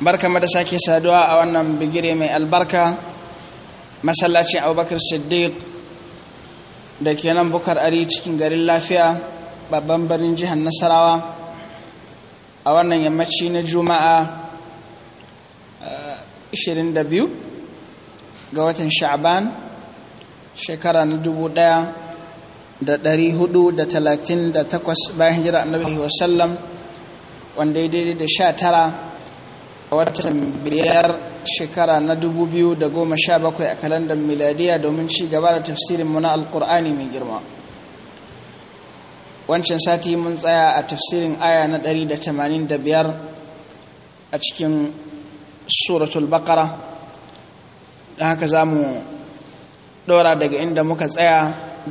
barka da sake saduwa a wannan bigire mai albarka masallacin abubakar siddiq da ke nan bukar ari cikin garin lafiya babban birnin jihar nasarawa a wannan yammaci na juma'a 22 eh, ga watan sha'ban shekara na 1438 bayan hijira annabi wasallam wanda ya daidai da 19 watan biyar shekara na 2017 a kalandar miladiya domin ci gaba da tafsirinmu na alkur'ani mai girma wancan sati mun tsaya a tafsirin aya na 185 a cikin suratul bakara da haka za mu ɗora daga inda muka tsaya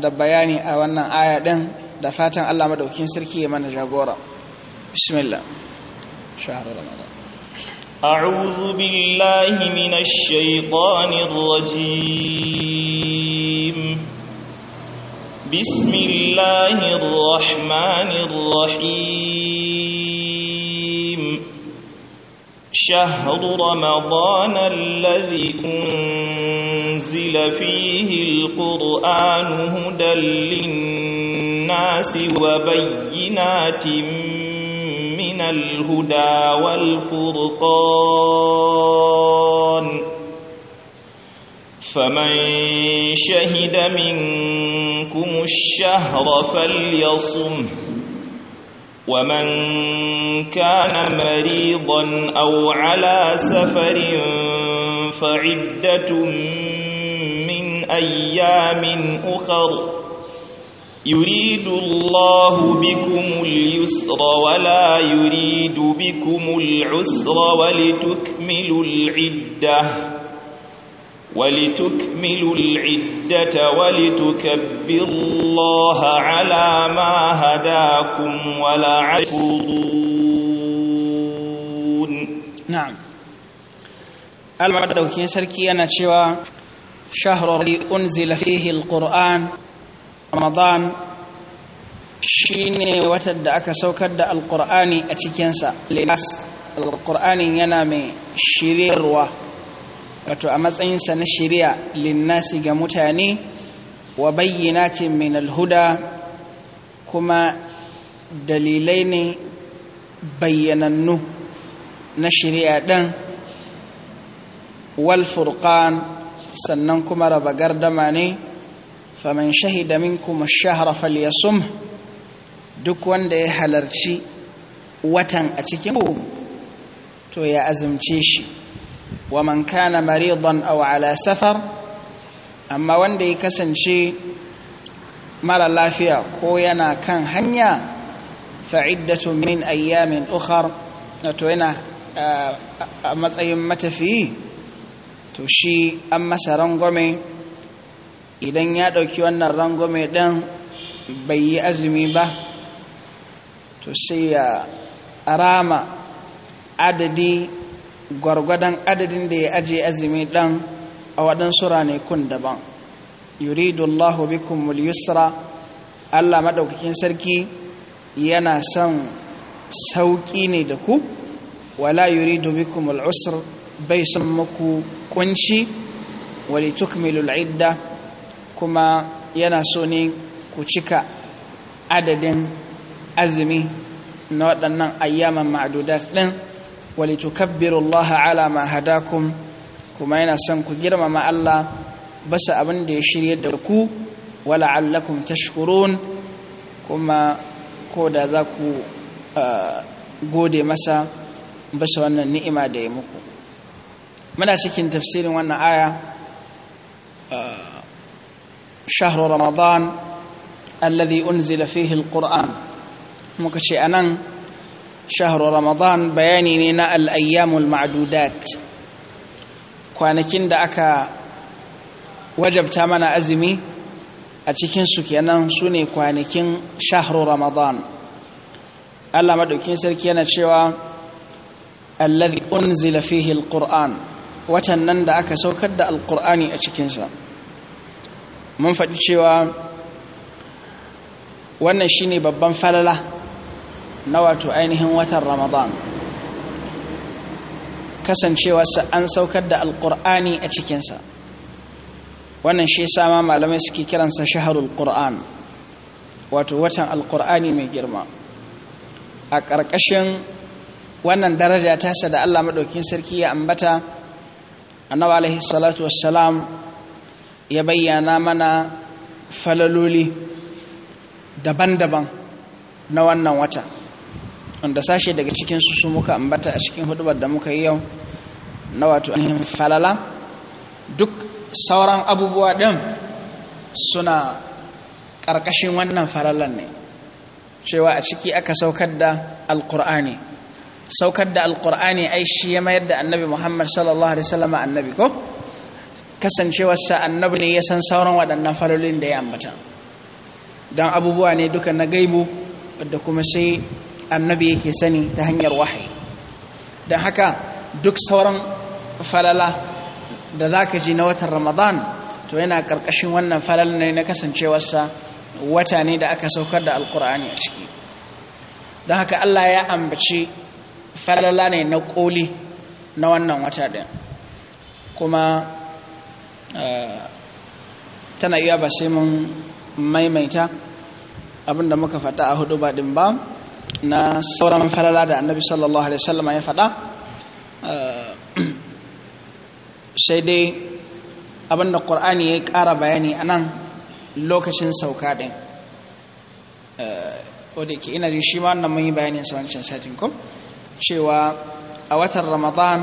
da bayani a wannan aya din da fatan allah maɗaukin sarki ya mana jagora bismillah shahararra. أعوذ بالله من الشيطان الرجيم بسم الله الرحمن الرحيم شهر رمضان الذي أنزل فيه القرآن هدى للناس وبينات من الهدى والفرقان فمن شهد منكم الشهر فليصم ومن كان مريضا أو على سفر فعدة من أيام أخر يريد الله بكم اليسر ولا يريد بكم العسر ولتكملوا العدة ولتكملوا العدة ولتكبروا الله على ما هداكم ولا عشرون نعم المعدوكين سركي أنا شوى شهر الذي أنزل فيه القرآن ramadan shine watan da aka saukar da alkur'ani a cikinsa linas alkur'ani yana mai shiryarwa wato a matsayinsa na shirya linnasi ga mutane wa ce min alhuda kuma dalilai ne bayyanannu na shirya ɗan. wal furqan sannan kuma raba gardama ne faman shahida minkum ash-shahra duk wanda ya halarci watan a cikin to ya azumce shi wa man kana maridan aw ala safar amma wanda ya kasance mara lafiya ko yana kan hanya fa'iddatu min ayyamin ukhar to yana a matsayin matafiyi to shi an masa rangwame idan ya ɗauki wannan rango mai ɗan bai yi azumi ba to sai ya rama adadi gwargwadon adadin da ya ajiye azumi ɗan a waɗansu ranakun daban yuridullahu bikum yusra allah maɗaukakin sarki yana son sauƙi ne da ku wala yuridu bikum al'usr bai son muku kunci tukmilul al'idda kuma yana so ne ku cika adadin azumi na waɗannan ayyaman ma'adudas ɗin walitukabbiru Allah ala ma hadakum kuma yana son ku girmama Allah basa abin da ya shirya da ku wala wala'allakum tashkurun kuma ko da za ku gode masa basa wannan ni'ima da ya muku muna cikin tafsirin wannan aya shahru ramadan alladhi unzila fihi alquran muka ce shahru ramadan bayani ne na al-ayyamul ma'dudat kwanakin da aka wajabta mana azumi a cikin su kenan sune kwanakin shahru ramadan Alama madaukin sarki yana cewa alladhi unzila fihil alquran watan nan da aka saukar da alqur'ani a cikinsa mun faɗi cewa wannan shi ne babban falala na wato ainihin watan ramadan kasancewarsa an saukar da alƙur'ani a cikinsa wannan shi sama malamai suke kiransa shaharul ƙur'an wato watan alƙur'ani mai girma a ƙarƙashin wannan daraja tasa da allah maɗaukin sarki ya ambata nawa alaihi salatu wassalam ya bayyana mana falaloli daban-daban na wannan wata wanda sashe daga cikinsu su muka ambata a cikin hudubar da muka yi yau na wato ainihin falala duk sauran abubuwa ɗin suna ƙarƙashin wannan falalan ne cewa a ciki aka saukar da alƙur'ani saukar da alƙur'ani ai shi ya mayar da annabi muhammad sallallahu alaihi wasallama annabi ko kasancewarsa annabi ne ya san sauran waɗannan falolin da ya ambata don abubuwa ne duka na gaibu wadda kuma sai annabi yake sani ta hanyar wahayi don haka duk sauran falala da za ka ji na watan ramadan to yana ƙarƙashin wannan falalan ne na kasancewarsa wata ne da aka saukar da alkur'ani a ciki don haka allah ya ambaci falala ne na ƙoli na wannan wata ɗaya, kuma Eh, tana iya ba sai mun maimaita abinda muka faɗa a hudu ba ɗin ba na sauran falala da annabi sallallahu alaihi wasallam ya faɗa eh, sai dai abinda ƙur'ani ya ƙara bayani a nan lokacin sauka ɗin eh, wadda ke ina ji shi ma wannan mun yi bayanin cin satin ko cewa a watan ramadan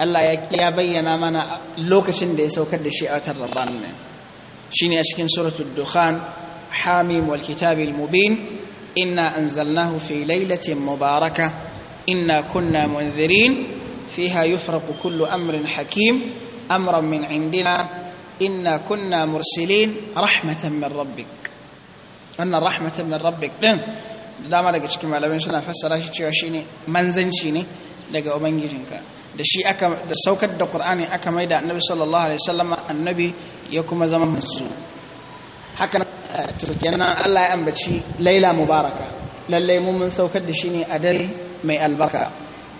Allah ya bayyana mana lokacin da ya saukar da shi a watan Rabban ne shine a cikin suratul dukhan hamim wal kitabil mubin inna anzalnahu fi lailatin mubaraka inna kunna munzirin fiha yufraqu kullu amrin hakim amran min indina inna kunna mursilin rahmatan min rabbik wannan rahmatan min rabbik din dama daga cikin malamai suna fassara shi cewa shine manzanci ne daga ubangijinka da shi aka da saukar da qur'ani aka maida annabi sallallahu alaihi wasallam annabi ya kuma zama manzo haka turkiyana eh, Allah ya ambaci laila mubaraka lalle mu mun saukar da shi ne a dare mai albarka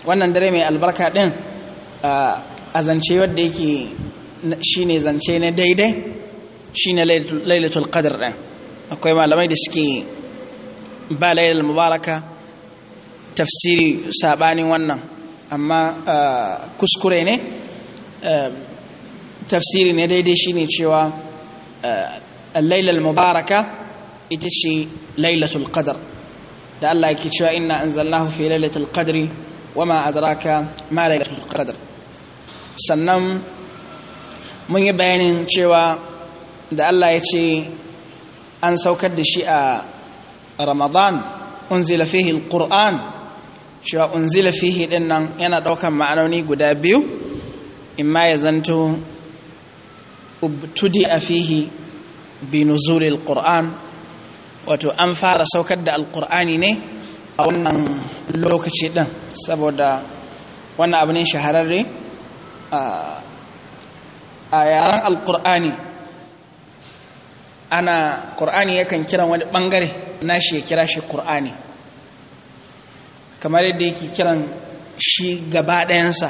wannan dare mai albarka din eh, a zance wanda yake shine zance na daidai shine lailatul qadr din akwai malamai da suke ba lailatul mubaraka tafsiri sabanin wannan amma ah, kuskure ne ah, tafsiri ne daidai ne cewa ah, lailal mubaraka ita ce lailatul qadar da Allah yake cewa inna anzalnahu fi lailatul qadri ma adraka ma lailatul qadr sannan mun yi bayanin cewa da Allah ya ce an saukar da shi a ramadan unzila fihi alquran cewa unzila fihi din nan yana daukan ma'anoni guda biyu in ma ya zanto ubtudi a fihi bi nuzulil qur'an wato an fara saukar da alqur'ani ne a wannan lokaci din saboda wannan abu shahararre a yaren alqur'ani ana qur'ani yakan kiran wani ɓangare, na shi ya kira shi qur'ani kamar yadda yake kiran shi gaba ɗayansa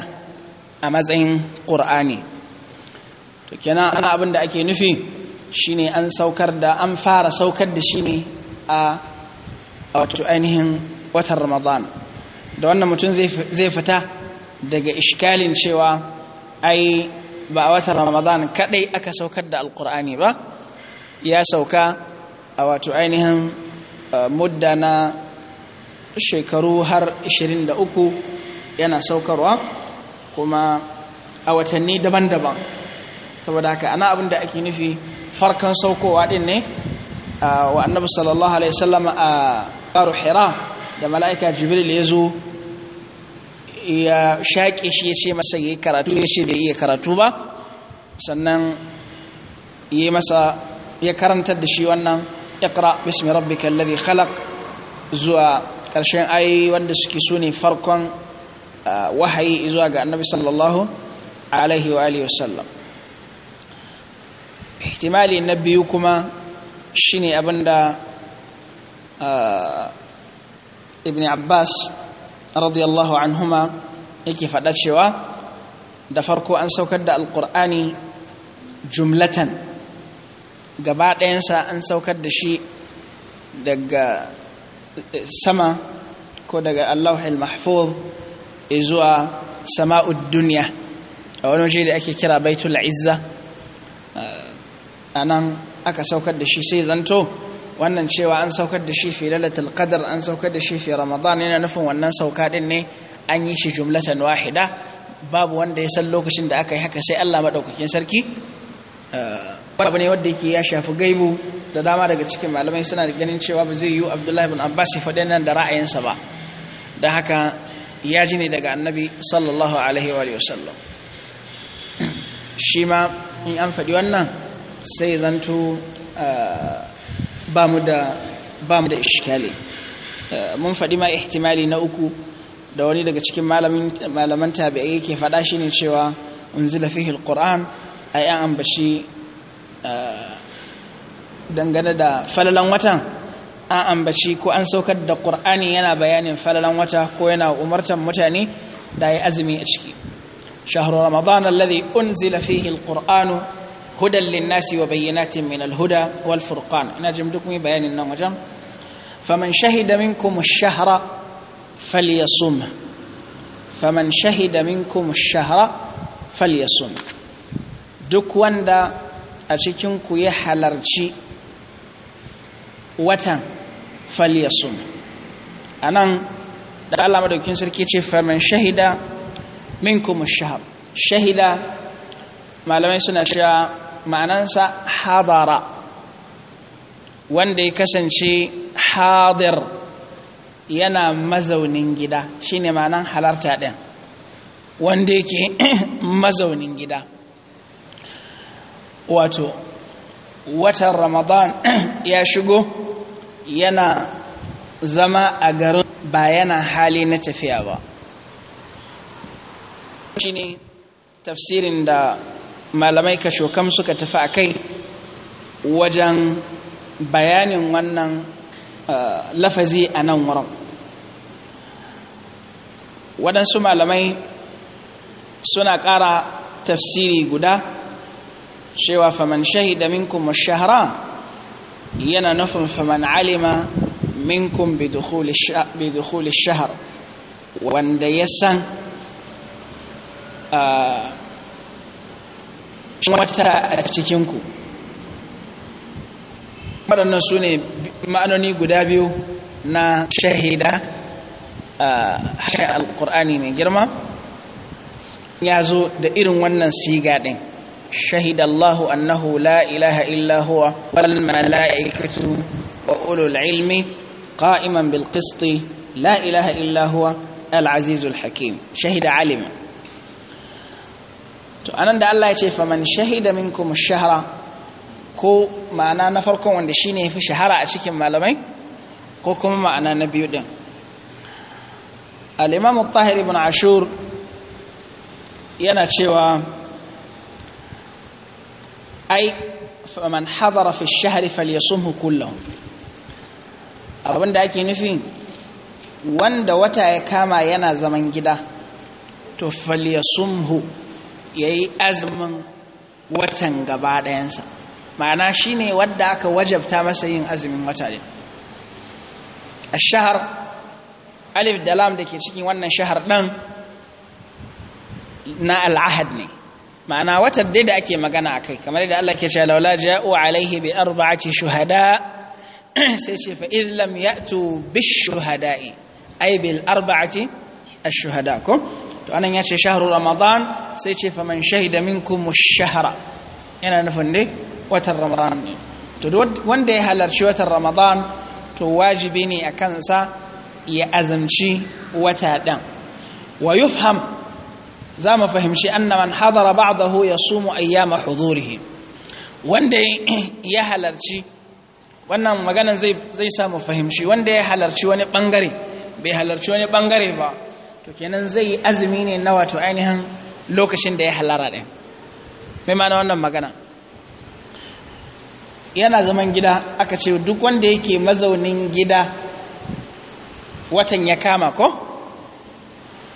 a matsayin ƙur'ani to kenan ana abin da ake nufi shine an saukar da an fara saukar da shi ne a wato ainihin watan ramadan da wannan mutum zai fita daga ishkalin cewa ai ba a watan ramadan kadai aka saukar da alkur'ani ba ya sauka a wato ainihin mudda na shekaru har 23 yana saukarwa kuma a watanni daban-daban saboda haka ana abin da ake nufi farkon saukowa din ne wa annabi sallallahu alaihi wasallam a karu hira da mala'ika jibril ya zo ya shaƙe shi ya ce masa yayi karatu ya ce bai iya karatu ba sannan ya masa ya karantar da shi wannan iqra bismi rabbikal ladhi khalaq zuwa ƙarshen ayoyi wanda suke su ne farkon wahayi zuwa ga annabi sallallahu alaihi wa alihi wasallam ihtimali na biyu kuma shine abinda ibn abbas radiyallahu anhuma yake faɗa cewa da farko an saukar da alƙur'ani jumlatan gaba ɗayansa an saukar da shi daga sama ko daga allahul mahfuz zuwa sama'ud duniya a wani waje da ake kira baitul izza a nan aka saukar da shi sai zanto wannan cewa an saukar da shi fi lalatul qadar an saukar da shi fi ramadan yana nufin wannan sauka din ne an yi shi jumlatan wahida babu wanda ya san lokacin da aka yi haka sai Allah madaukakin sarki wani abu ne wadda yake ya shafi gaibu da dama daga cikin malamai suna ganin cewa ba zai yi abdullahi bin abbas ya faɗi nan da ra'ayinsa ba da haka ya ji ne daga annabi sallallahu alaihi wa sallam shi ma in an faɗi wannan sai zanto eh, ba mu da ishikali. Eh, mun faɗi ma ihtimali na uku da wani daga cikin malaman tabi'ai yake faɗa shi ne cewa unzila fihi alquran ay an ambashi dangane da falalan watan an ambaci ko an saukar da ƙur'ani yana bayanin falalan wata ko yana umartan mutane da ya azumi a ciki shahru ramadan alladhi unzila fihi alqur'anu hudan linnasi wa bayyinatin min alhuda wal furqan ina jin duk mai bayanin nan wajen faman shahida minkum ash-shahra falyasum faman shahida minkum ash-shahra falyasum duk wanda a cikinku ya halarci watan falyasun a nan da Allah madaukin sarki ce faman shahida Min kuma shahab shahida malamai suna cewa ma'anansa hadara wanda ya kasance hadir yana mazaunin gida Shi ne ma'anan halarta ɗin wanda yake mazaunin gida wato watan ramadan ya shigo yana zama a garin ba yana hali na tafiya ba shi ne tafsirin da malamai kashokam suka tafi a kai wajen bayanin wannan eh, lafazi a nan wurin waɗansu malamai suna ƙara tafsiri guda cewa faman shahida minkum shahara yana nufin faman alima minkum bi shahar wanda ya san ah, wata a cikinku waɗannan su ne ma'anoni guda biyu na shahida a harshen alƙur'ani mai girma ya zo da irin wannan siga ɗin شهد الله أنه لا إله إلا هو والملائكة وأولو العلم قائما بالقسط لا إله إلا هو العزيز الحكيم شهد علم anan da Allah ya ce man shahida minkum shahra ko ma'ana na farkon wanda shine yafi shahara a cikin malamai ko kuma ma'ana na biyu din al-imam tahir ibn ashur yana cewa ai man hadara fi shahri falyasumhu kullahu abinda ake nufin wanda wata ya kama yana zaman gida to falyasumhu yayi azumin watan gaba ɗayansa ma'ana shine wanda aka wajabta masa yin azumin wata ne ashhar alif da lam dake cikin wannan shahar ɗin na al'ahad ne ma'ana watan dai da ake magana a kai kamar yadda Allah ke cewa laula ja'u alaihi bi arba'ati shuhada sai ce fa idh lam ya'tu bish shuhada'i ay bil arba'ati ash-shuhada ko to anan yace shahru ramadan sai ce fa man shahida minkum ash-shahra yana nufin dai watan ramadan ne to wanda ya halarci watan ramadan to wajibi ne a kansa ya azanci wata dan wa yufham za mu fahimci anna man hadara ba'dahu yasumu ayyama hudurihi wanda ya halarci wannan maganan zai samu fahimci wanda ya halarci wani bangare bai halarci wani bangare ba to kenan zai yi azumi ne na wato ainihin lokacin da ya halara ɗin mai mana wannan magana yana zaman gida aka ce duk wanda yake mazaunin gida watan ya kama ko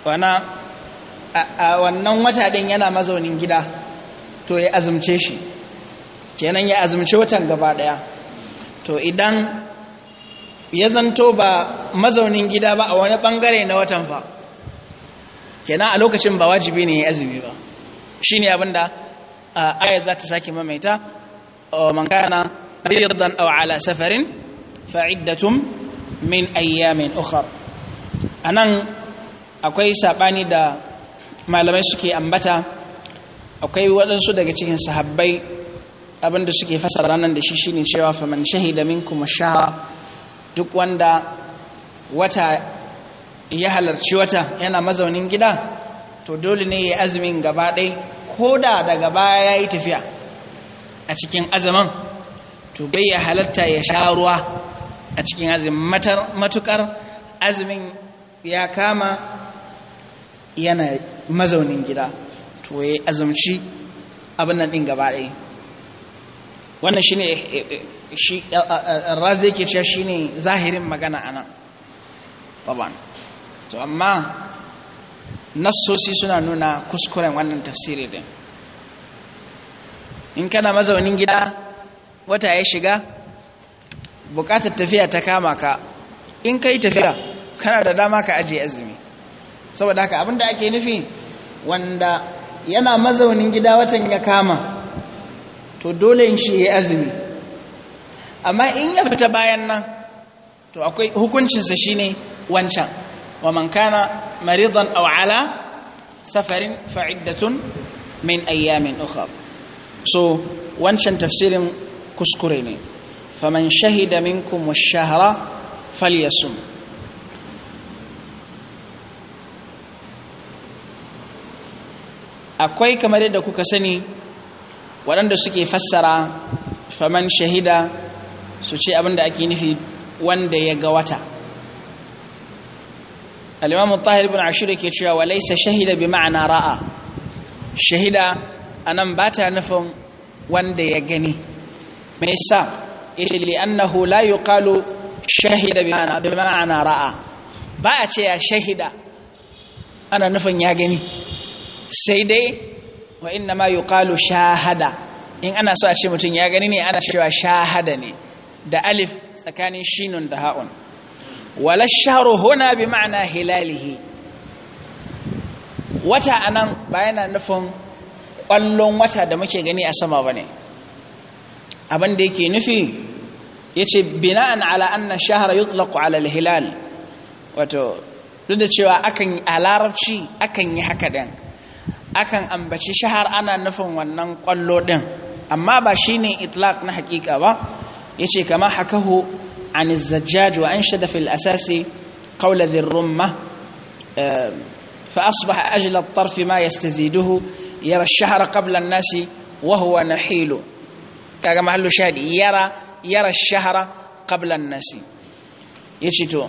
wana a wannan wata din yana mazaunin gida to ya azumce shi kenan ya azumce watan gaba daya to idan ya zanto ba mazaunin gida ba a wani bangare na watan fa kenan a lokacin ba wajibi ne ya azumi ba Shi ne abinda ayat za ta sake mamaita man kana ridan aw ala safarin fa min ayyamin ukhar anan akwai saɓani da malamai suke ambata akwai waɗansu daga cikin sahabbai abinda suke fasara nan da shi ne cewa faman shahida kuma sha duk wanda wata ya halarci wata yana mazaunin gida to dole ne ya azumin gaba ɗai ko da daga baya ya yi tafiya a cikin azaman to bai ya halarta ya sha ruwa a cikin azumin matukar azumin ya kama yana mazaunin gida to ya yi azumci abin nan ɗin gaba wannan eh, eh, eh, shi ne razi yake ce shi ne zahirin magana a nan baban to amma nassosi suna nuna kuskuren wannan tafsiri ɗin in kana mazaunin gida wata ya shiga bukatar tafiya ta kama ka in ka kai tafiya kana da dama ka ajiye azumi saboda haka abinda ake nufi wanda yana mazaunin gida watan ya kama to dole shi ya azumi amma in ya fita bayan nan to akwai hukuncinsa shine wancan wa man kana maridan aw ala safarin fa'iddatun min ayyamin ukhra so wancan tafsirin kuskure ne faman shahida minkum ash-shahra falyasum akwai kamar yadda kuka sani waɗanda suke fassara faman shahida su ce abinda ake nufi wanda ya ga wata al'imamu tahir bin ashiru ke cewa laisa shahida bi ma'ana ra'a shahida a nan ba ta nufin wanda ya gani mai sa ishe li'annahu la yuqalu shahida bi ma'ana ra'a ba a ce ya shahida ana nufin ya gani sai dai wa inna ma yuqalu shahada in ana so a ce mutum ya gani ne ana cewa shahada ne da alif tsakanin shinun da ha'un wala shahru huna bi ma'ana hilalihi wata anan ba yana nufin ƙwallon wata da muke gani a sama bane abin da yake nufi ya yace bina'an ala anna shahara yi ala alal hilal wato duk da cewa akan a larabci akan yi haka ɗan akan ambaci shahar ana nufin wannan kwallo din amma ba shine itlaq na hakika ba yace kama hakahu an az-zajjaj wa anshada fil asasi qawl dhirrumma fa asbaha ajla at-tarf ma yastaziduhu yara ash shahr qabla an-nasi wa huwa nahil kaga mahallu shadi yara yara ash shahr qabla an-nasi yace to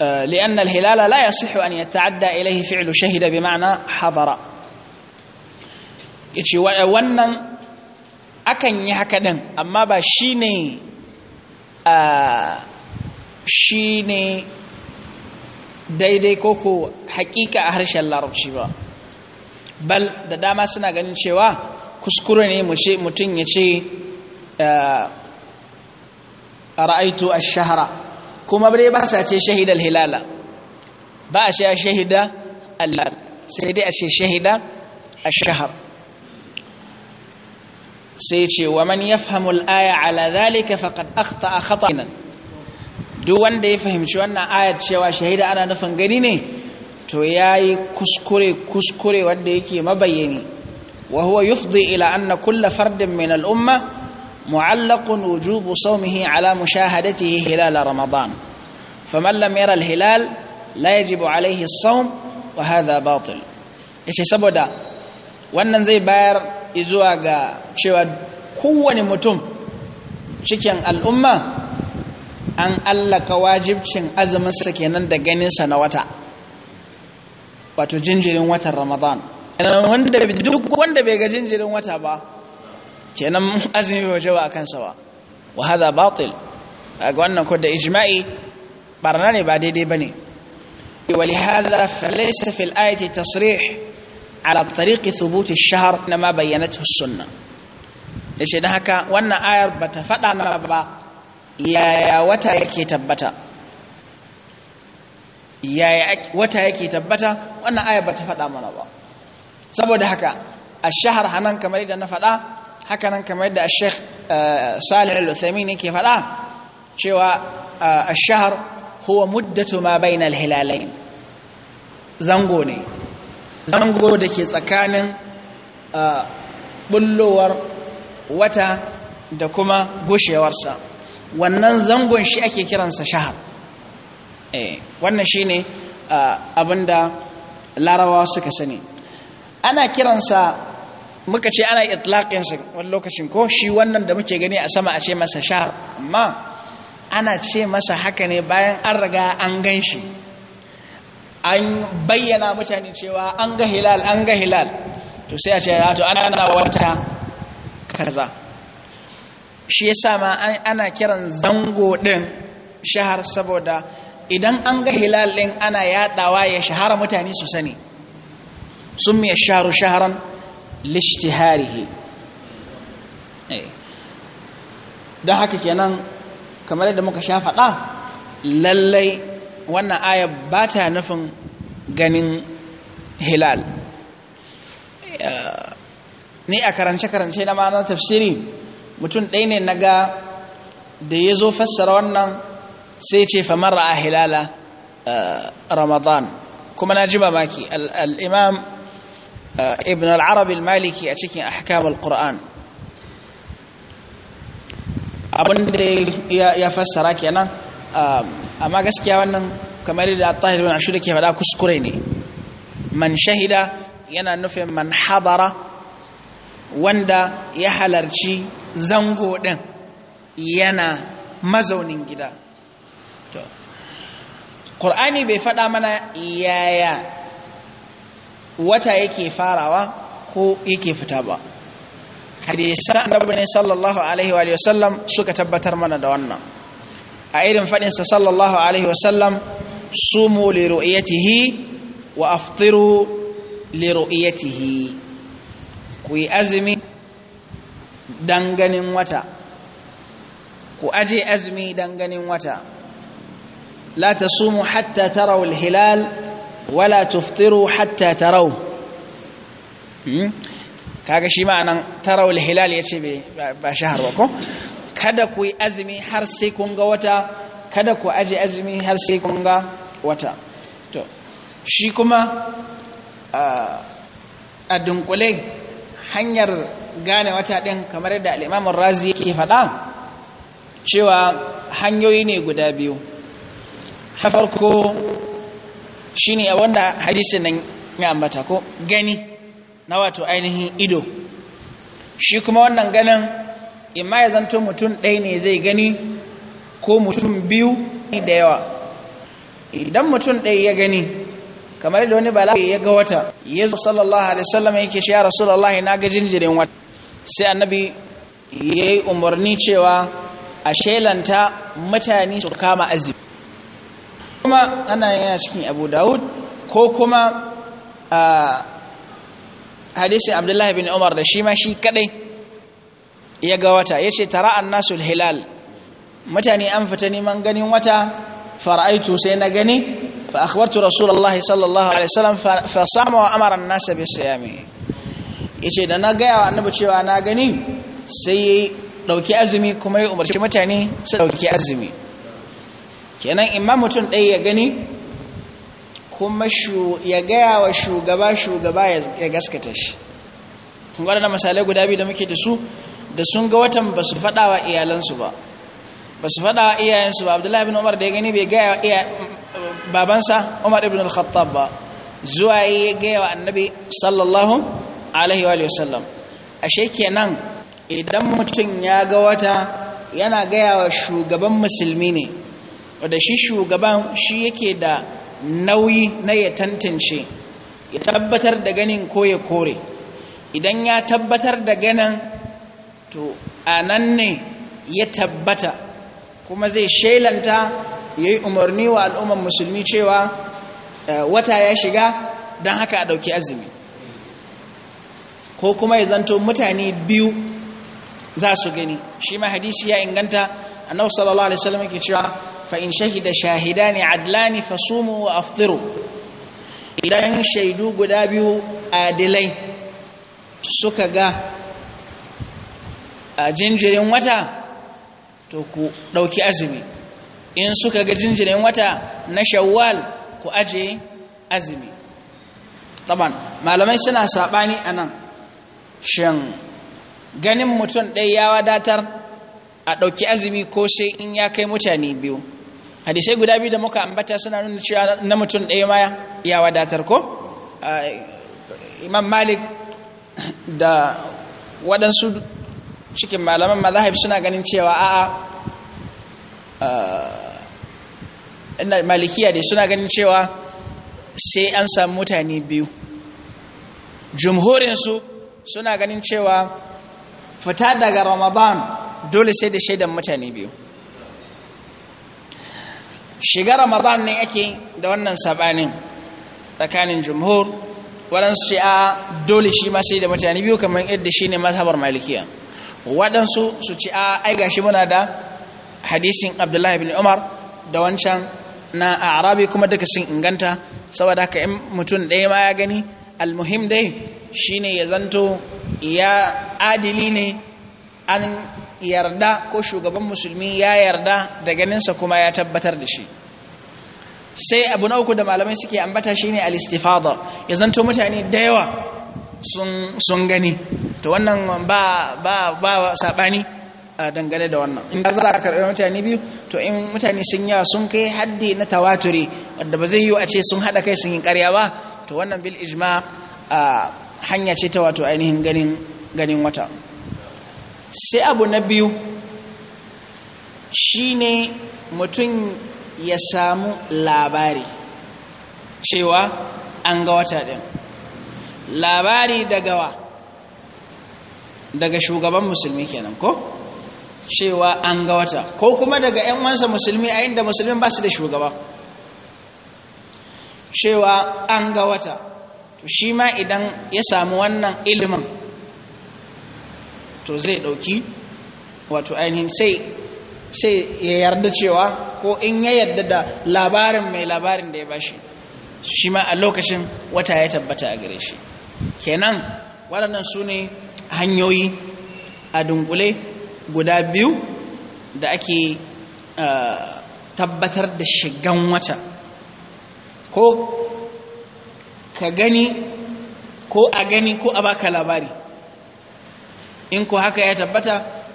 لأن الهلال لا يصح أن يتعدى إليه فعل شهد بمعنى حضر ya ce eh, wannan akan yi haka ɗin amma ba shi ne shi ne daidai koko hakika a harshen larabci ba bal da dama suna ganin cewa kuskure ne mutum ya ce eh, ra'aitu a shahara kuma bai ba sa ce shahidar hilala ba a ce shahida sai dai a ce shahida a shahar sai ce wa man yafhamu al-aya ala zalika faqad akhta'a khata'an duk wanda ya fahimci wannan ayar cewa shahida ana nufin gani ne to yayi kuskure kuskure wanda yake mabayyani wa huwa yufdi ila anna kulla fardin min al-umma mu'allaqun wujubu sawmihi ala mushahadatihi hilal ramadan faman lam yara al-hilal la yajibu alayhi as-sawm wa hadha batil yace saboda wannan zai bayar izuwa ga cewa kowane mutum cikin al'umma an allaka wajibcin azuminsa kenan da ganinsa na wata wato jinjirin watan ramadan wanda bai ga jinjirin wata ba kenan azumi bai waje ba a kansa ba wa haza batil a ga wannan ko da ijma'i barna ne ba daidai ba ne ولهذا فليس في الآية تصريح ala tariqi thubuti shahr na ma bayyanatu sunna yace dan haka wannan ayar ba ta faɗa mana ba yaya wata yake tabbata yaya wata yake tabbata wannan ayar ba ta faɗa mana ba saboda haka a الشهر hanan kamar yadda na faɗa haka nan kamar yadda a Sheikh eh, Salih Al-Uthaymeen yake faɗa cewa eh, a shahar huwa muddatu ma bayna al-hilalayn zango ne zango da ke tsakanin bullowar wata da kuma gushewarsa wannan zangon shi ake kiransa shahar eh, wannan shi ne abinda larawa suka sani ana kiransa muka ce ana itlaƙinsa wani lokacin ko shi wannan da muke gani a sama a ce masa shahar amma ana ce masa haka ne bayan an riga an gan shi an bayyana mutane cewa an ga hilal an ga hilal to sai a ce ah, to ana na wata kaza shi yasa ma ana kiran zango din shahar saboda idan an ga hilal din ana yadawa ya shahara mutane su sani sun mai shaharu shaharan lishtiharihi eh. don haka kenan kamar yadda muka sha faɗa lallai wannan aya ba ta nufin ganin hilal eh, ni a karance-karance na ma'anar tafsiri mutum ɗaya ne na ga da ya zo fassara wannan sai ce famar a hilala eh, ramadan kuma na ji mamaki al'imam eh, ibn al'arabi maliki a cikin ahkam al abinda ya fassara kenan amma gaskiya wannan kamar yadda at-tahir bin ashur ke faɗa kuskure ne man shahida yana nufin man hadara wanda ya halarci zango ɗin yana mazaunin gida to ƙur'ani bai faɗa mana yaya wata yake farawa ko yake fita ba hadisan annabi sallallahu alaihi wa sallam suka tabbatar mana da wannan a irin faɗinsa sallallahu alaihi wasallam sumu li ru'yatihi wa aftiru li ru'yatihi ku yi azumi danganin wata ku aje azumi danganin wata la tasumu hatta taraw al-hilal wala tuftiru hatta taraw hmm? kaga shi ma'anan taraw hilal ya ce ba shahar ko kada ku yi azumi har sai kun ga wata kada ku aje azumi har sai kun ga wata to shi kuma a dunkule hanyar gane wata ɗin kamar yadda al'imamun razi yake faɗa cewa hanyoyi ne guda biyu hafarko farko shi ne a wanda hadisi nan ya ambata ko gani na wato ainihin ido shi kuma wannan ganin imma ya zanto mutum ɗaya ne zai gani ko mutum biyu da yawa idan mutum ɗaya ya gani kamar da wani bala ya ga wata yesu sallallahu alaihi wasallam yake shi ya rasulullahi na ga jinjirin wata sai annabi ya yi umarni cewa a shelanta mutane su kama azumi kuma ana yana cikin abu dawud ko kuma a ah, hadisi abdullahi bin umar da shi ma shi kadai ya ga wata ya ce tara an nasu hilal mutane an fita neman ganin wata fara'aitu sai na gani fa akhbartu rasulullahi sallallahu alaihi wasallam fa sama wa amara an-nasa bi siyami yace da na gaya wa annabi cewa na gani sai dauki azumi kuma ya umarci mutane su dauki azumi kenan imam mutum ɗaya ya gani kuma ya gaya wa shugaba shugaba ya gaskata shi kun gwada da misalai guda biyu da muke da su da sun ga watan ba su faɗa wa iyalansu ba ba su faɗa wa iyayensu ba abdullahi bin umar da ya gani bai gaya wa babansa umar ibn al-khattab ba zuwa ya gaya wa annabi sallallahu alaihi wa sallam ashe nan idan mutum ya ga wata yana gaya wa shugaban musulmi ne wadda shi shugaban shi yake da nauyi na ya tantance ya tabbatar da ganin ko ya kore idan ya tabbatar da ganin to a nan ne ya tabbata kuma zai shelanta ya yi umarni wa al'umman musulmi cewa eh, wata ya shiga don haka a ɗauki azumi ko kuma ya zanto mutane biyu za su gani shi ma hadisi ya inganta annabi sallallahu alaihi wasallam yake cewa fa in shahida shahidani adlani fasumu wa aftiru idan shaidu guda biyu adilai suka ga a jinjirin wata to ku ɗauki azumi in suka ga jinjirin wata na shawwal ku aje azumi taban malamai suna saɓani a nan Shan ganin mutum ɗaya ya wadatar a ɗauki azumi ko sai in ya kai mutane biyu hadisai guda biyu da muka ambata suna nuna cewa na mutum ɗaya ma ya wadatar ko imam malik da waɗansu Cikin malaman mazahib suna ganin cewa a'a eh, ina malikiya dai suna ganin cewa sai an samu mutane biyu jumhurinsu suna ganin cewa fita daga ramadan dole sai da shaidan mutane biyu shiga ramadan ne ake da wannan sabanin tsakanin jumhur waɗansu a dole shi ma sai da mutane biyu kamar yadda shi ne mazhabar malikiya waɗansu su ci a ai shi muna da hadisin abdullahi bin umar da wancan na arabi kuma duka sun inganta saboda haka in mutum ɗaya ma ya gani almuhim dai ne ya zanto ya adili ne an yarda ko shugaban musulmi ya yarda da ganinsa kuma ya tabbatar da shi sai abu na uku da malamai suke ambata shine al-istifada ya zanto mutane da yawa sun gani to wannan ba ba ba sabani dangane da wannan in za a karɓi mutane biyu to in mutane sun yawa sun kai haddi na tawaturi wanda ba zai yi a ce sun haɗa kai sun yi ƙarya ba to wannan bil ijma hanya ce ta wato ainihin ganin ganin wata sai abu na biyu shine mutum ya samu labari cewa an ga wata ɗin labari daga wa daga shugaban musulmi kenan ko cewa an ga wata ko kuma daga 'yan wansa musulmi a inda musulmi ba su da shugaba cewa an ga wata to shi ma idan ya samu wannan ilimin to zai ɗauki wato ainihin sai sai ya yarda cewa ko in ya yarda da labarin mai labarin da ya bashi shi ma a lokacin wata ya tabbata a gare shi kenan waɗannan su ne hanyoyi a dunkule guda biyu da ake eh, tabbatar da shigan wata ko ka gani ko a gani ko a baka labari in ko haka ya tabbata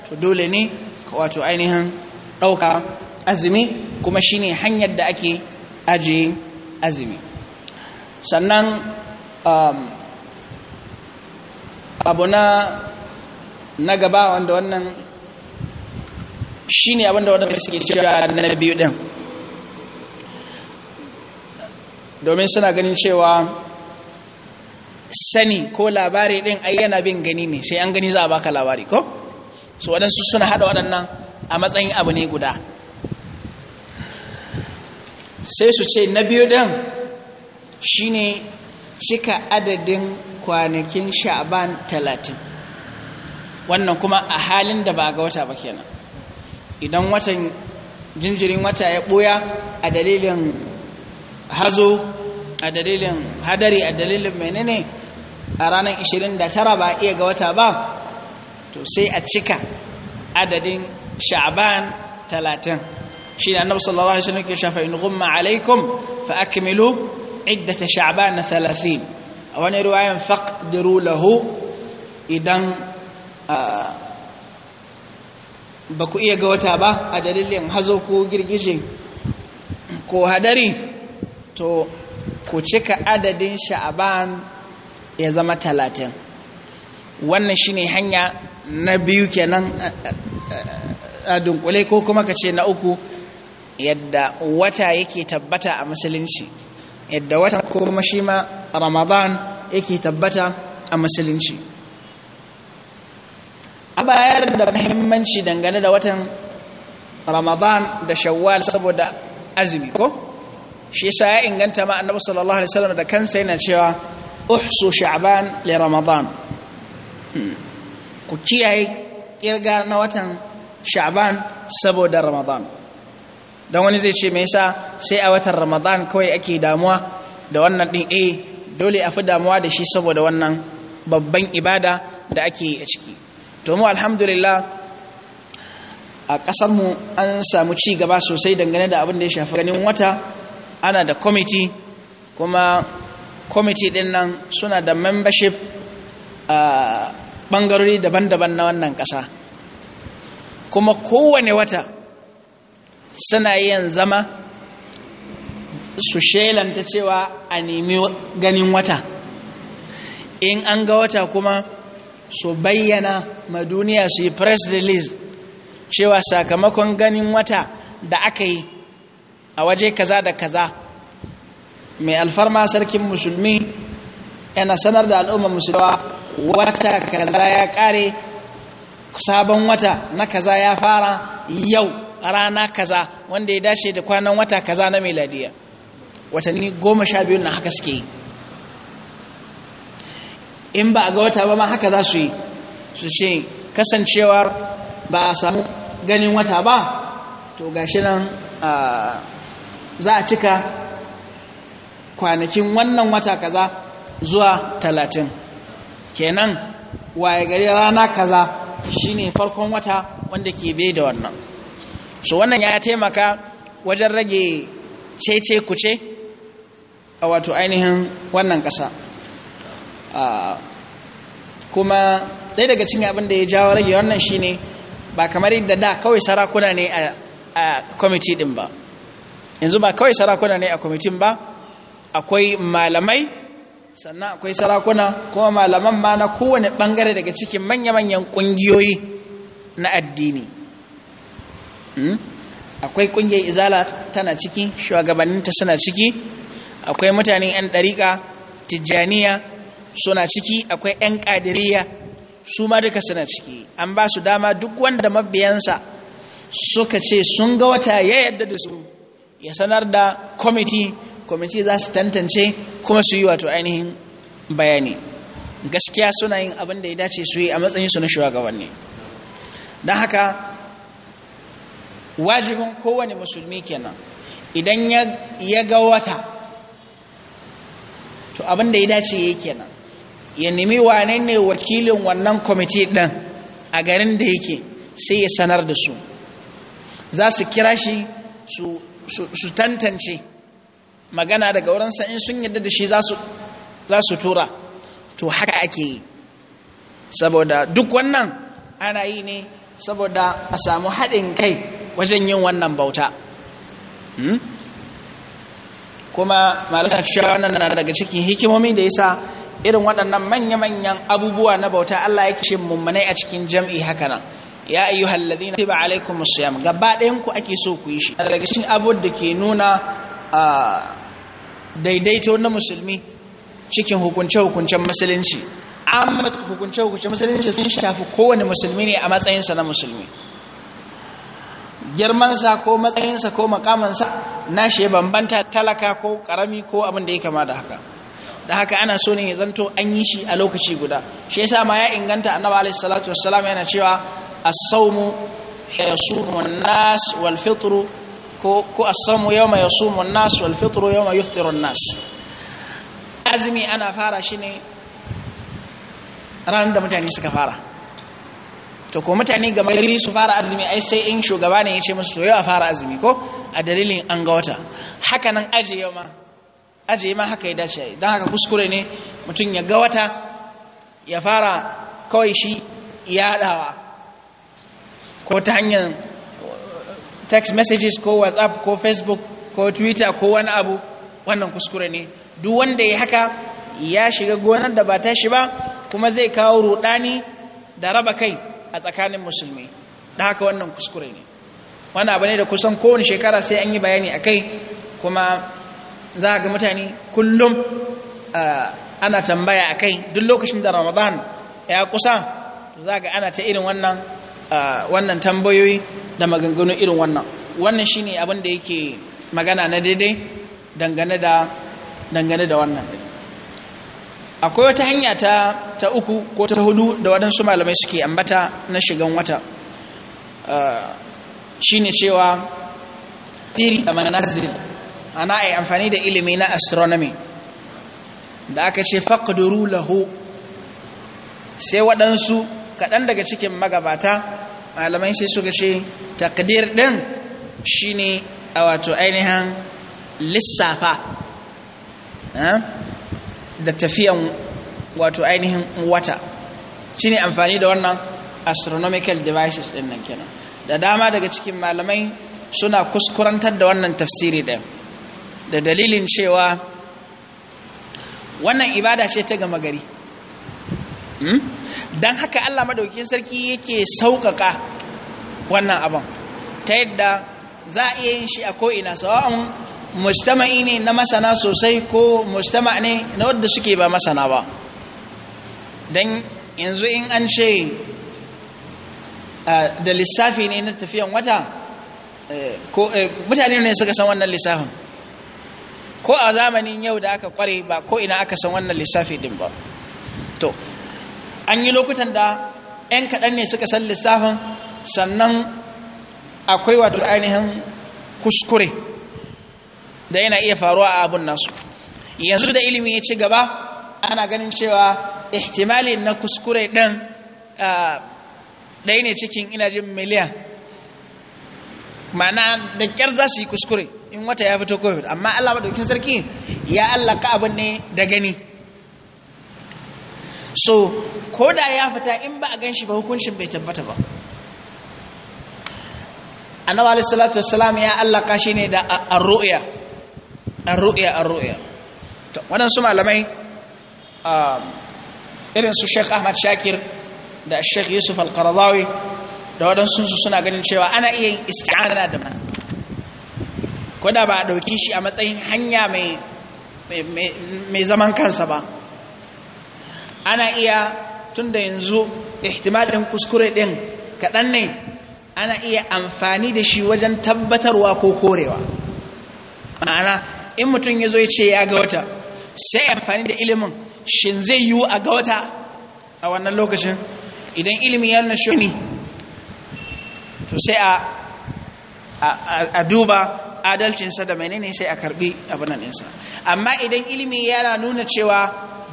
to dole ne ka wato ainihin ɗauka azumi kuma shine hanyar da ake ajiye azumi sannan um, abu na gaba wanda wannan shi ne abinda wadanda suke cewa na biyu ɗin domin suna ganin cewa sani ko labari din ai yana bin gani ne sai an gani za a baka labari ko su waɗansu suna haɗa waɗannan a matsayin abu ne guda sai su ce na biyu ɗin shi cika adadin kwanakin sha'aban talatin wannan kuma a halin da ba ga wata ba kenan idan watan jinjirin wata ya ɓoya a dalilin hazo a dalilin hadari a dalilin menene a ranar 29 ba iya ga wata ba to sai a cika adadin sha'ban talatin shi da annabi sallallahu alaihi ke shafa in ghumma alaikum fa akmilu iddata sha'ban 30 a wani ruwayan faqdiru lahu idan ba ku iya ga wata ba a dalilin hazo ko girgije ko hadari to ku cika adadin sha'aban ya zama talatin wannan shine hanya na biyu kenan a dunkule ko kuma ka ce na uku yadda wata yake tabbata a musulunci yadda wata kuma shi ma ramadan yake tabbata a musulunci a bayar da muhimmanci dangane da watan ramadan da shawwal saboda azumi ko shi yasa ya inganta ma annabi sallallahu alaihi wasallam da kansa yana cewa uhsu sha'ban li ramadan hmm. ku kiyaye kirga na watan sha'ban saboda ramadan dan wani zai ce me yasa sai a watan ramadan kawai ake damuwa da wannan din eh dole a fi damuwa da shi saboda wannan babban ibada da ake yi a ciki to mu alhamdulillah a mu an samu ci gaba sosai dangane da abin da ya shafi ganin wata ana da kwamiti kuma kwamiti ɗin nan suna da membership a ɓangarori daban-daban na wannan ƙasa kuma kowane wata suna yin zama su shelanta cewa a nemi ganin wata in an ga wata kuma su bayyana ma duniya su yi press release cewa sakamakon ganin wata da aka yi a waje kaza da kaza mai alfarma sarkin musulmi yana sanar da al'ummar musulma wata kaza ya kare sabon wata na kaza ya fara yau rana kaza wanda ya dace da kwanan wata kaza na miladiya watanni goma sha biyu na haka suke yi in ba a ga wata ba ma haka za su yi su ce kasancewar ba a samu ganin wata ba to ga shi nan za a cika kwanakin wannan wata kaza zuwa talatin kenan waye gari rana kaza shine farkon wata wanda ke bai da wannan so wannan ya taimaka wajen rage cece kuce a wato ainihin wannan ƙasa kuma ɗaya daga cikin abin da ya jawo rage wannan shine ba kamar yadda da kawai sarakuna ne a kwamiti ɗin ba yanzu ba kawai sarakuna ne a kwamitin ba akwai malamai sannan akwai sarakuna kuma malaman ma na kowane ɓangare daga cikin manya-manyan ƙungiyoyi na addini hmm? akwai ƙungiyar izala tana ciki shugabanninta suna ciki akwai mutanen 'yan ɗariƙa tijjaniya suna ciki akwai 'yan ƙadiriya su ma duka suna ciki an ba su dama duk wanda mabiyansa suka ce sun ga wata ya yadda da su ya sanar da kwamiti kwamiti za su tantance kuma su yi wato ainihin bayani gaskiya suna yin abin da ya dace su yi a matsayinsu na shugabanni don haka wajibin kowane musulmi kenan idan ya ga wata to abin da ya dace ya kenan ya nemi wane ne wakilin wannan kwamiti ɗin a garin da yake sai ya sanar da su za su kira shi su tantance magana daga wurinsa in sun yadda da shi za su tura to haka ake yi saboda duk wannan ana yi ne saboda a samu haɗin kai wajen yin wannan bauta hmm? kuma malasar cewa wannan na daga cikin hikimomi da yasa irin waɗannan manya-manyan abubuwa na bauta Allah ya ce mummunai a cikin jam'i haka nan ya ayyu halladina tiba alaikum musayam gaba ɗayan ku ake so ku yi shi daga cikin abu da ke nuna daidaito na musulmi cikin hukunce-hukuncen musulunci amma hukunce-hukuncen musulunci sun shafi kowane musulmi ne a matsayinsa na musulmi girmansa ko matsayinsa ko makamansa na shi bambanta talaka ko karami ko abin da ya kama da haka da haka ana so ne ya zanto an yi shi a lokaci guda shi yasa ma ya inganta annabi alayhi salatu wassalam yana cewa as-sawmu yasumu an-nas wal fitru ko ko as-sawmu yawma yasumu an-nas wal fitru yawma yuftiru an-nas azumi ana fara shi ne ranar da mutane suka fara to ko mutane game gari su fara azumi ai sai in shugaba ne ya ce musu to yawa fara azumi ko a dalilin an ga wata haka nan aje yau ma aje ma haka ya dace don haka kuskure ne mutum ya ga wata ya fara kawai shi yaɗawa ko ta hanyar uh, text messages ko whatsapp ko facebook ko twitter ko wani abu wannan kuskure ne duk wanda ya haka ya shiga gonar da ba ta shi ba kuma zai kawo rudani da raba kai a tsakanin musulmi da haka wannan kuskure ne wannan abu ne da kusan kowane shekara sai an yi bayani a kai kuma za a ga mutane kullum ana tambaya a kai duk lokacin da ramadan ya kusa za ga ana ta irin wannan tambayoyi da maganganu irin wannan wannan shi ne abin da yake magana na daidai dangane da wannan akwai wata hanya ta ta uku ko ta hudu da waɗansu malamai suke ambata na shigan wata eh, shine cewa diri a manazil ana ai amfani da ilimi na astronomy da aka ce faqduru lahu sai waɗansu kaɗan daga cikin magabata malamai sai suka ce takdir ɗin shine a wato ainihin lissafa eh, da tafiyan wato ainihin wata shine amfani da wannan astronomical devices ɗin nan kenan da dama daga cikin malamai suna kuskurantar da wannan tafsiri ɗin da dalilin cewa wannan ibada ce ta gama gari hmm? don haka Allah madaukin sarki yake sauƙaƙa wannan abin ta yadda za a iya yin shi a ko'ina sawa'un mujtama'i ne na masana sosai ko mujtama ne na wadda suke ba masana ba don yanzu in an ce ah, da lissafi ne na tafiyan wata eh, eh, mutane ne suka san wannan lissafin ko a zamanin yau da aka kware ba ko ina aka san wannan lissafi din ba to an yi lokutan da 'yan kaɗan ne suka san lissafin sannan akwai wato ainihin kuskure da yana iya faruwa a abun nasu yanzu da ilimi ya ci gaba ana ganin cewa ihtimali na kuskure ɗin ɗaya ne cikin inajin miliyan ma'ana da ƙyar za su yi kuskure in wata ya fito covid amma allah maɗaukin sarki ya allaka abin ne da gani so ko da ya fita in ba a gan shi ba hukuncin bai tabbata ba annabi alaihi salatu ya allaka shi ne da ru'ya arru'ya arru'ya to waɗansu malamai um, irin su Sheikh Ahmad Shakir da Sheikh Yusuf Al-Qaradawi da waɗansu suna ganin cewa ana iya isti'ana da ma ko da ba a ɗauki shi a matsayin hanya mai zaman kansa ba ana iya tun da yanzu ihtimalin kuskure ɗin kaɗan ne ana iya amfani da shi wajen tabbatarwa ko korewa ma'ana in mutum ya zo ya ce ya ga wata sai amfani da ilimin shin zai yiwu a ga wata a wannan lokacin idan ilimi ya nuna shi to sai a duba adalcinsa da menene sai a karbi abinan ɗinsa amma idan ilimi yana nuna cewa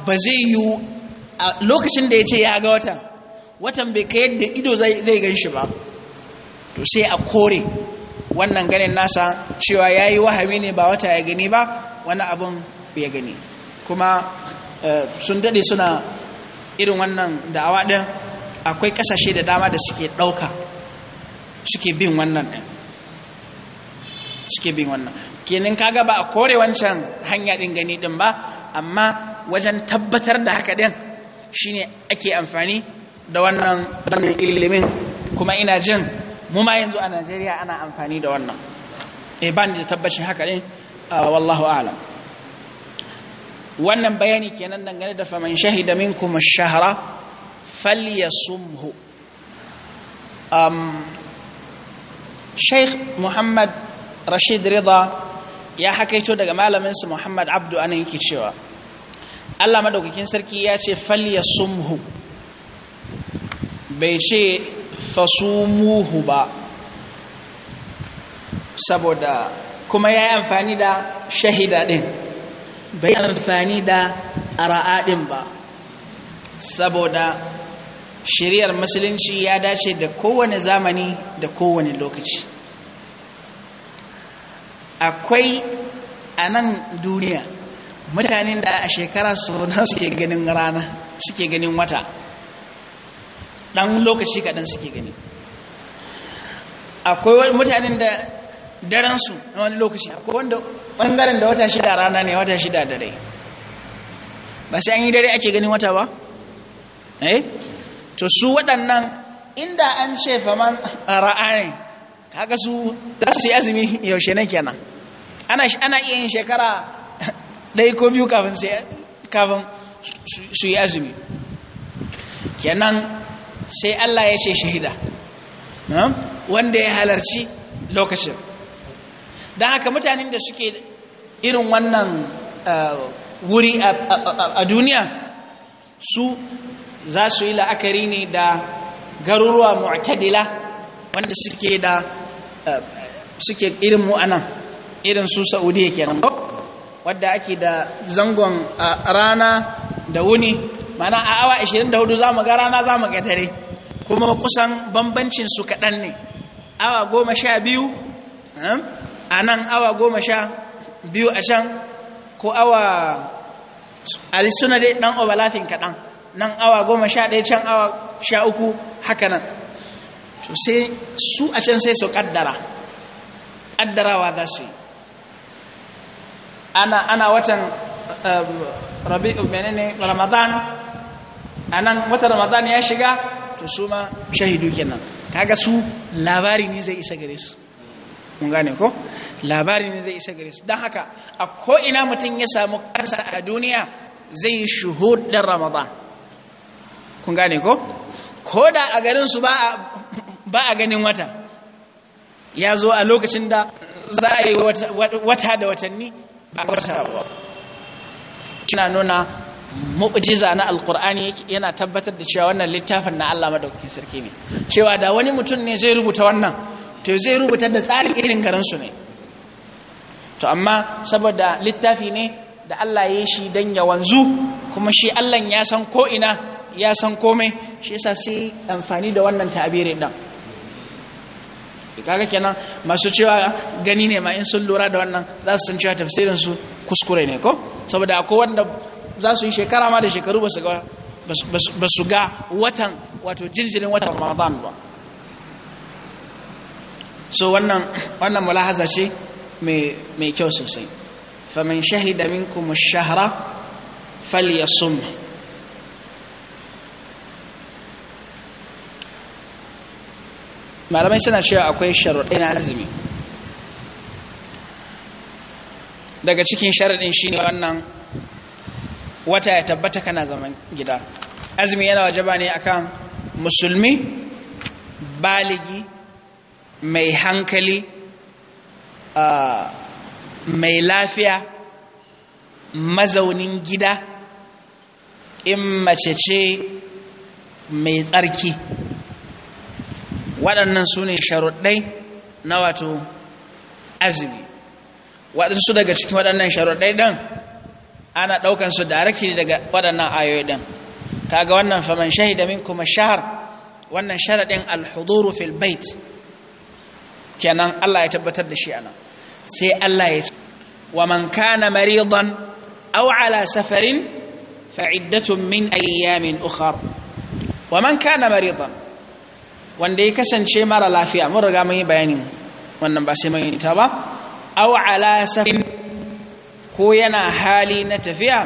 ba zai yiwu a lokacin da ya ce ya ga watan watan bai kai yadda ido zai gan shi ba to sai a kore wannan ganin nasa cewa ya yi wahami ne ba wata ya gani ba wani abin ya gani kuma eh, sun daɗe suna irin wannan da'awa ɗin akwai ƙasashe da dama da suke ɗauka suke bin wannan ɗin suke bin wannan kenan kaga ba a kore wancan hanya ɗin gani ɗin ba amma wajen tabbatar da haka ɗin ne ake amfani da wannan ilimin kuma ina jin mu ma yanzu a Najeriya ana amfani da wannan eh ban da tabbacin haka ne ah, wallahu a'lam wannan bayani kenan dangane da faman shahida minkum ash-shahra falyasumhu um Sheikh Muhammad Rashid Rida ya hakaito daga malaminsa Muhammad Abdu anan yake cewa Allah madaukakin sarki ya ce falyasumhu bai ce fasumuhu ba saboda kuma ya yi amfani da shahida ɗin bai amfani da ara'a ɗin ba saboda shiriyar musulunci ya dace da kowane zamani da kowane lokaci akwai a nan duniya mutanen da a shekara sau suke ganin rana suke ganin wata dan lokaci kaɗan suke gani akwai mutanen da daransu na wani lokaci akwai wanda ɓangaren da wata shida rana ne wata shida dare ba sai an yi dare ake ganin wata ba eh to su waɗannan inda an ce faman ra'ani kaga su za su yi azumi yaushe ne kenan ana ana iya yin shekara ɗaya ko biyu kafin su yi azumi kenan sai Allah ya ce shahida wanda ya halarci lokacin don haka mutanen da suke irin wannan uh, wuri a duniya su za su yi la'akari ne da garuruwa mu'tadila wanda suke da uh, suke irin mu irin su saudiya kenan wadda ake da zangon uh, rana da wuni mana a awa 24 za mu ga rana za mu ga dare kuma kusan bambancin su kaɗan ne awa goma sha biyu eh, a nan awa goma sha biyu a can ko awa alisuna dai ɗan overlapping kaɗan nan awa goma sha can awa sha uku haka nan to sai su a can sai su ƙaddara ƙaddarawa za su ana ana watan eh, rabi'u menene ramadan a nan wata ramadan ya shiga to su ma shahidu kenan kaga su labari ne zai isa gare su kun gane ko labari ne zai isa gare su don haka a ko'ina mutum ya samu kasa a duniya zai yi shuhud ɗin ramadan kun gane ko ko da a garinsu ba a ganin wata ya zo a lokacin da za a yi wata da watanni ba wata ba kina nuna mu'jiza na alqur'ani yana tabbatar da cewa wannan littafin na Allah madaukakin sarki ne cewa da wani mutum ne zai rubuta wannan to zai rubuta da tsarin irin garin su ne to amma saboda littafi ne da Allah ya shi dan ya wanzu kuma shi Allah ya san ko ina ya san komai shi yasa sai amfani da wannan ta'abirin nan kaga kenan masu cewa gani ne ma in sun lura da wannan za su san cewa tafsirin su kuskure ne ko saboda akwai wanda za su yi shekara ma da shekaru ba su ga watan wato jinjirin watan ramadan ba so wannan wannan mulahaza ce mai kyau sosai famin shahida minkum shahra falyasum malamai suna cewa akwai sharuɗai na azumi daga cikin shi shine wannan wata ya tabbata kana zaman gida azumi yana wajaba ne akan musulmi baligi mai hankali mai lafiya mazaunin gida in mace ce mai tsarki waɗannan su ne sharuɗai na wato azumi waɗansu daga cikin waɗannan sharuɗai ɗan ana ɗaukan su darakili daga waɗannan ayoyi ɗin kaga wannan faman shahida min kuma shahar wannan sharaɗin alhuduru fil bait kenan Allah ya tabbatar da shi anan sai Allah ya ce wa man kana maridan aw ala safarin fa iddatun min ayyamin ukhra wa man kana maridan wanda ya kasance mara lafiya mun riga mun yi bayani wannan ba sai mun yi ta ba aw ala safarin ko yana hali na tafiya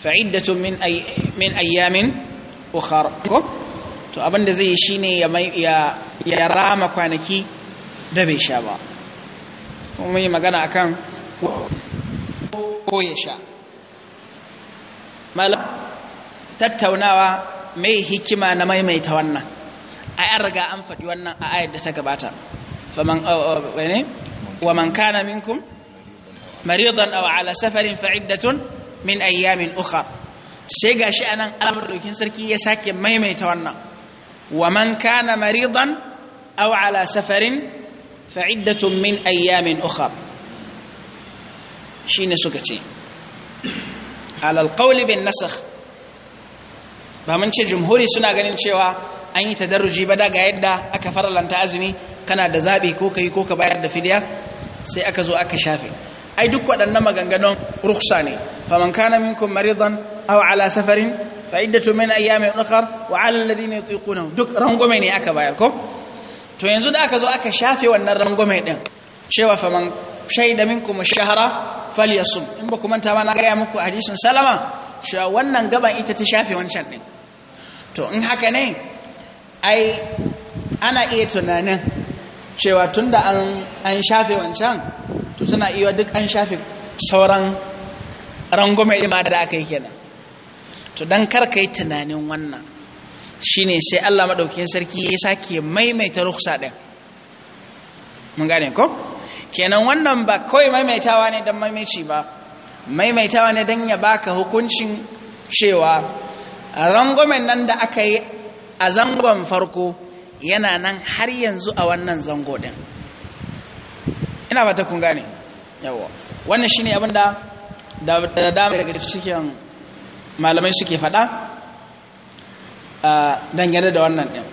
fa'idatun min ayyamin ukhar to abinda zai yi ne ya rama kwanaki da bai sha ba kuma yi magana kan ko ya sha malam tattaunawa mai hikima na maimaita wannan a an an faɗi wannan a ayar da ta gabata eh, eh, eh, wa man kana minkum maridan aw ala safarin fa'iddatun min ayyamin ukhra sai gashi anan Allah madaukin sarki ya sake maimaita wannan wa man kana maridan aw ala safarin fa'iddatun min ayyamin ukhra shine suka ce ala alqawli bin nasakh ba mun ce jumhuri suna ganin cewa an yi tadarruji ba da ga yadda aka faralanta azumi kana da zaɓi ko kai yi ko ka bayar da fidiya sai aka zo aka shafe ai duk waɗannan maganganun ruksa ne faman kana minkum maridan aw ala safarin fa iddatu min ayyamin ukhra wa ala alladhina yutiquna duk rangume ne aka bayar ko to yanzu da aka zo aka shafe wannan rangume din cewa faman shaida minkum ash-shahra falyasum in ba ku manta ba na ga muku hadisin salama cewa wannan gaban ita ta shafe wancan din to in haka ne ai ana iya tunanin cewa tunda an an shafe wancan to suna iya duk an shafe sauran rangume ibada da aka yi kenan to don karka yi tunanin wannan shi ne sai Allah madaukakin sarki ya sake maimaita ruksa ɗin, mun gane ko kenan wannan ba kawai maimaitawa ne don maimaici ba maimaitawa ne don ya baka hukuncin cewa rangwame nan da aka yi a zangon farko yana nan har yanzu a wannan zango ɗin. ina ba ta kun gane yawa wannan shine abin da da dama daga cikin malamai suke faɗa dangane da wannan ɗin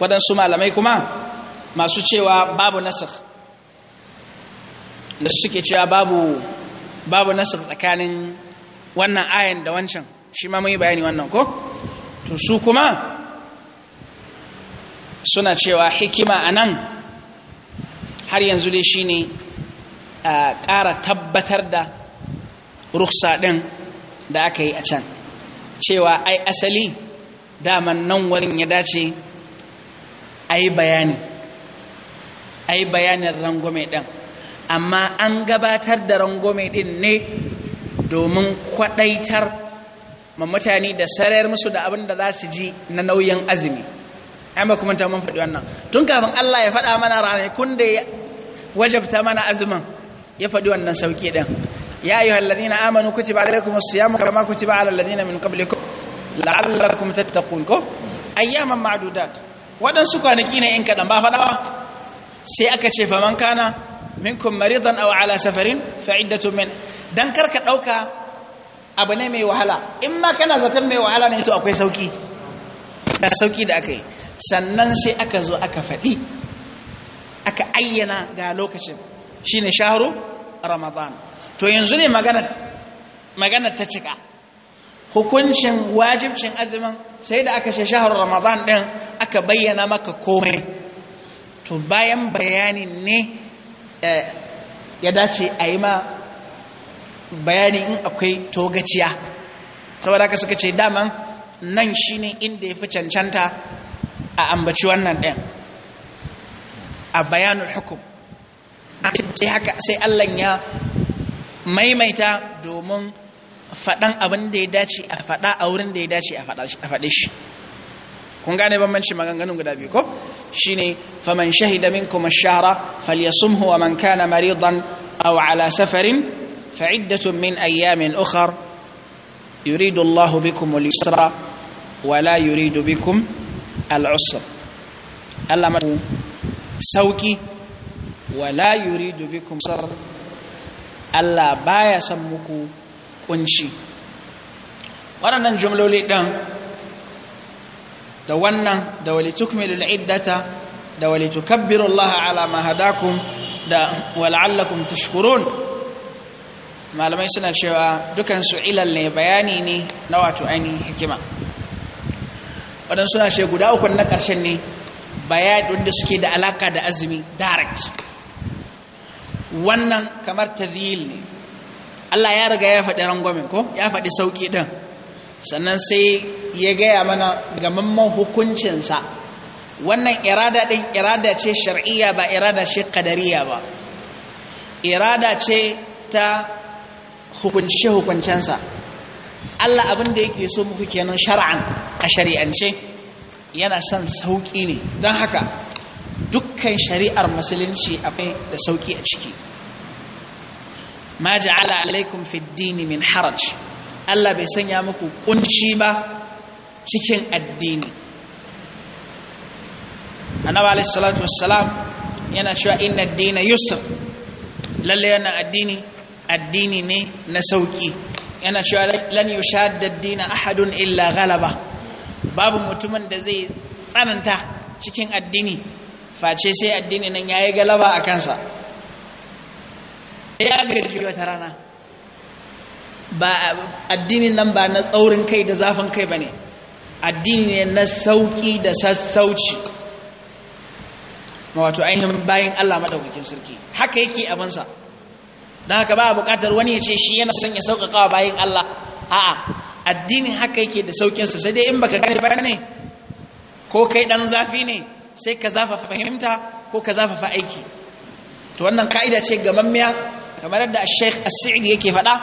waɗansu malamai kuma masu cewa babu nasir da suke cewa babu babu nasir tsakanin wannan ayan da wancan shi ma mun yi bayani wannan ko to su kuma suna cewa hikima anan har yanzu dai shine a ƙara tabbatar da ruksa ɗin da aka yi a can cewa ai asali daman nan wurin ya dace ai yi bayani a yi bayanin rangwame ɗin amma an gabatar da rangwame ɗin ne domin kwaɗaitar ma mutane da sarayar musu da abin da za su ji na nauyin azumi ai makamanta mun faɗi wannan tun kafin Allah ya faɗa mana rana ranakun da wajabta mana azumin ya faɗi wannan sauƙi ɗin ya yi halladi na amanu kutiba alaikum siyamu kama kutiba alalladi na min qablikum la'allakum tattaqun ko ayyaman ma'dudat waɗansu kwanaki ne in kaɗan ba faɗawa sai aka ce fa faman kana minkum maridan a ala safarin fa iddatu min dan karka ɗauka abu ne mai wahala in ma kana zaton mai wahala ne to akwai sauƙi. da sauƙi da aka yi sannan sai aka zo aka faɗi aka ayyana ga lokacin shine shahru ramadan to yanzu ne magana ta cika hukuncin wajibcin azumin sai da aka ce shahru ramadan din aka bayyana maka komai to bayan bayanin ne eh, ya dace a yi ma bayani in akwai togaciya saboda ka suka ce daman nan shine inda ya fi cancanta a ambaci wannan ɗin a bayanul hukum sai haka sai Allah ya maimaita domin faɗan abin da ya dace a faɗa a wurin da ya dace a faɗe shi kun gane bambanci maganganun guda biyu ko shine faman shahida minkum ash-shahra falyasumhu wa man kana maridan aw ala safarin fa min ayyamin ukhar yuridu Allahu bikum al-yusra wa la yuridu bikum al-usra sauki wala yuridu bikum sar Allah baya san muku kunci waɗannan jumloli ɗin da wannan da walitukmilul iddata da tukabbiru Allah ala ma da wala'allakum tashkurun malamai suna cewa dukansu ilal ne bayani ne na wato ainihin hikima waɗansu na ce guda uku na ƙarshen ne bayad wanda suke da alaka da azumi direct wannan kamar tadhil ne Allah ya riga ya faɗi rangwamin ko ya faɗi sauƙi ɗin sannan sai ya gaya mana ga gamamman hukuncinsa wannan irada ɗin irada ce shar'iyya ba irada ce ƙadariya ba irada ce ta hukunce-hukuncensa Allah abin da yake so muku kenan shar'an a shari'ance yana son sauƙi ne don haka dukkan shari'ar musulunci akwai da sauƙi a ciki ma ja'ala alaikum fiddini min haraj Allah bai sanya muku kunci ba cikin addini annabi alaihi salatu wassalam yana cewa inna ad-dina yusr lalle yana addini addini ne na sauƙi yana cewa lan yushadda ad-dina ahadun illa ghalaba babu mutumin da zai tsananta cikin addini face sai addini nan ya yi galaba a kansa ya gaji wata rana ba addinin nan ba na tsaurin kai da zafin kai ba ne addini ne na sauƙi da sassauci wato ainihin bayan Allah maɗaukakin sarki haka yake abinsa don haka ba a buƙatar wani ya ce shi yana son ya sauƙaƙa bayan Allah a'a addinin haka yake da saukinsa sai dai in baka gane ba ne ko kai dan zafi ne sai ka zafa fahimta ko ka zafa aiki to wannan ka'ida ce ga mammiya kamar yadda Sheikh As-Sa'id yake faɗa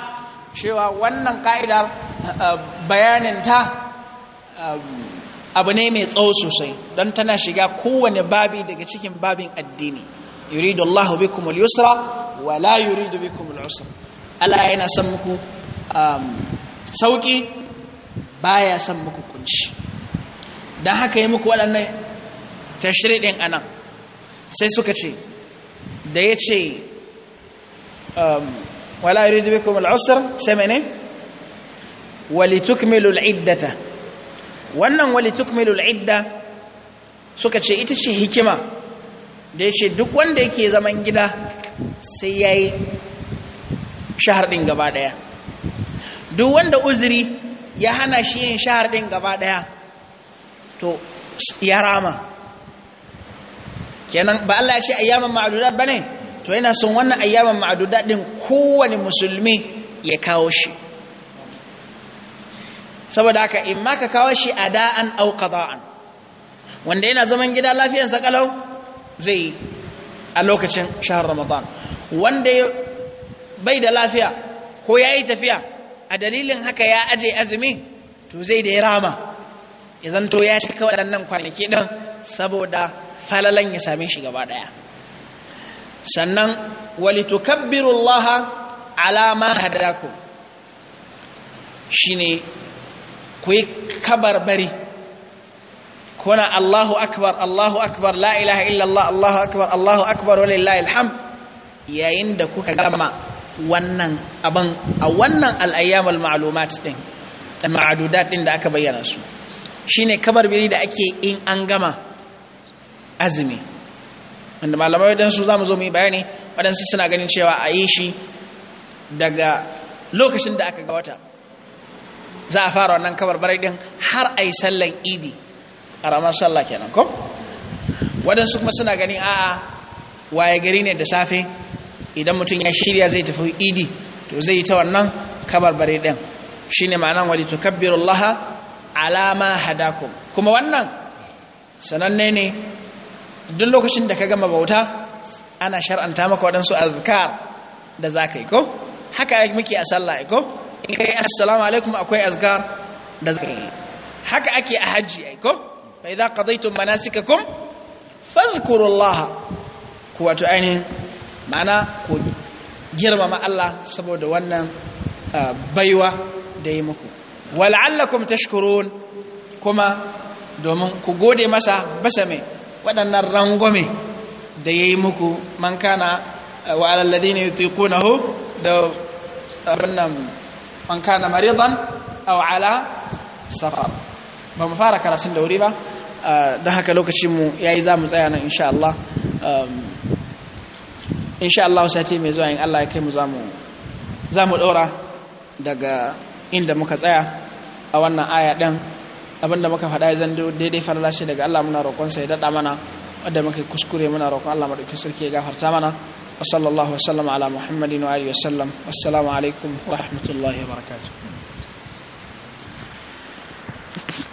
cewa wannan ka'ida bayanin ta abu ne mai tsawo sosai don tana shiga kowane babi daga cikin babin addini yuridu Allahu bikum al-yusra wa la yuridu bikum al-usra Allah yana son muku sauƙi baya son muku kunci don haka yi muku waɗannan tashri a nan sai suka ce da ya ce um, wala yuri dubi kuma al'usar sai mene walitukmilul iddata wannan walitukmilul idda suka ce ita ce hikima da ya ce duk wanda yake zaman gida sai ya yi shahar gaba ɗaya duk wanda uzuri ya hana shi yin shahar ɗin gaba ɗaya to ya rama kenan ba Allah ya ce ayyaman ma'adudat ba ne to yana son wannan ayyaman ma'adudat ɗin kowane musulmi ya kawo shi saboda haka in ma ka kawo shi a da'an au qada'an wanda yana zaman gida lafiyarsa kalau zai a lokacin shahar ramadan wanda bai da lafiya ko yayi tafiya a dalilin haka ya aje azumin? to zai da rama idan to ya cika waɗannan kwanaki ɗin saboda falalan ya same shi gaba ɗaya sannan walitukabbirullaha ala ma hadakum shine ku yi kabarbari kuna Allahu akbar Allahu akbar la ilaha illallah Allahu akbar Allahu akbar alham yayin da kuka gama wannan abin a wannan al’ayyamar ma'alumat ɗin ma'adudat ɗin da aka bayyana su shine biri da ake in an gama azumi wanda malamai waɗansu za mu zo mu yi bayani waɗansu suna ganin cewa a yi shi daga lokacin da aka ga wata za a fara wannan kamar bari ɗin har a yi sallan idi a ramar sallah kenan ko waɗansu kuma suna ganin a'a waye gari ne da safe idan mutum ya shirya zai tafi idi to zai yi ta wannan bare ɗin shi ne ma'anan to tukabbirullaha alama hadakum kuma wannan sananne ne duk lokacin da ka gama bauta ana shar'anta maka waɗansu azkar da za ka yi ko haka muke a sallah ko in ka yi assalamu alaikum akwai azkar da za ka yi haka ake a hajji ai ko fa idza qadaytum manasikakum fadhkurullaha ku wato ainihin ma'ana ku girmama Allah saboda wannan ah, baiwa da yi muku wal'allakum tashkurun kuma domin ku gode masa basa mai waɗannan rangwame da ya yi muku man kana ah, wa alalladi ne da wannan man kana maridan a ala safar ba mu fara karatun da wuri ba ah, don haka lokacinmu ya yi za mu tsaya nan insha Allah um, insha Allah sati mai zuwa in Allah ya kai mu zamu zamu daura daga inda muka tsaya a wannan aya din abinda muka faɗa ya zando daidai fara lashe daga Allah muna roƙon sa ya dada mana wanda muka kuskure muna roƙon Allah madaukakin sarki ya gafarta mana wa sallallahu ala muhammadin wa alihi assalamu alaikum wa rahmatullahi wa barakatuh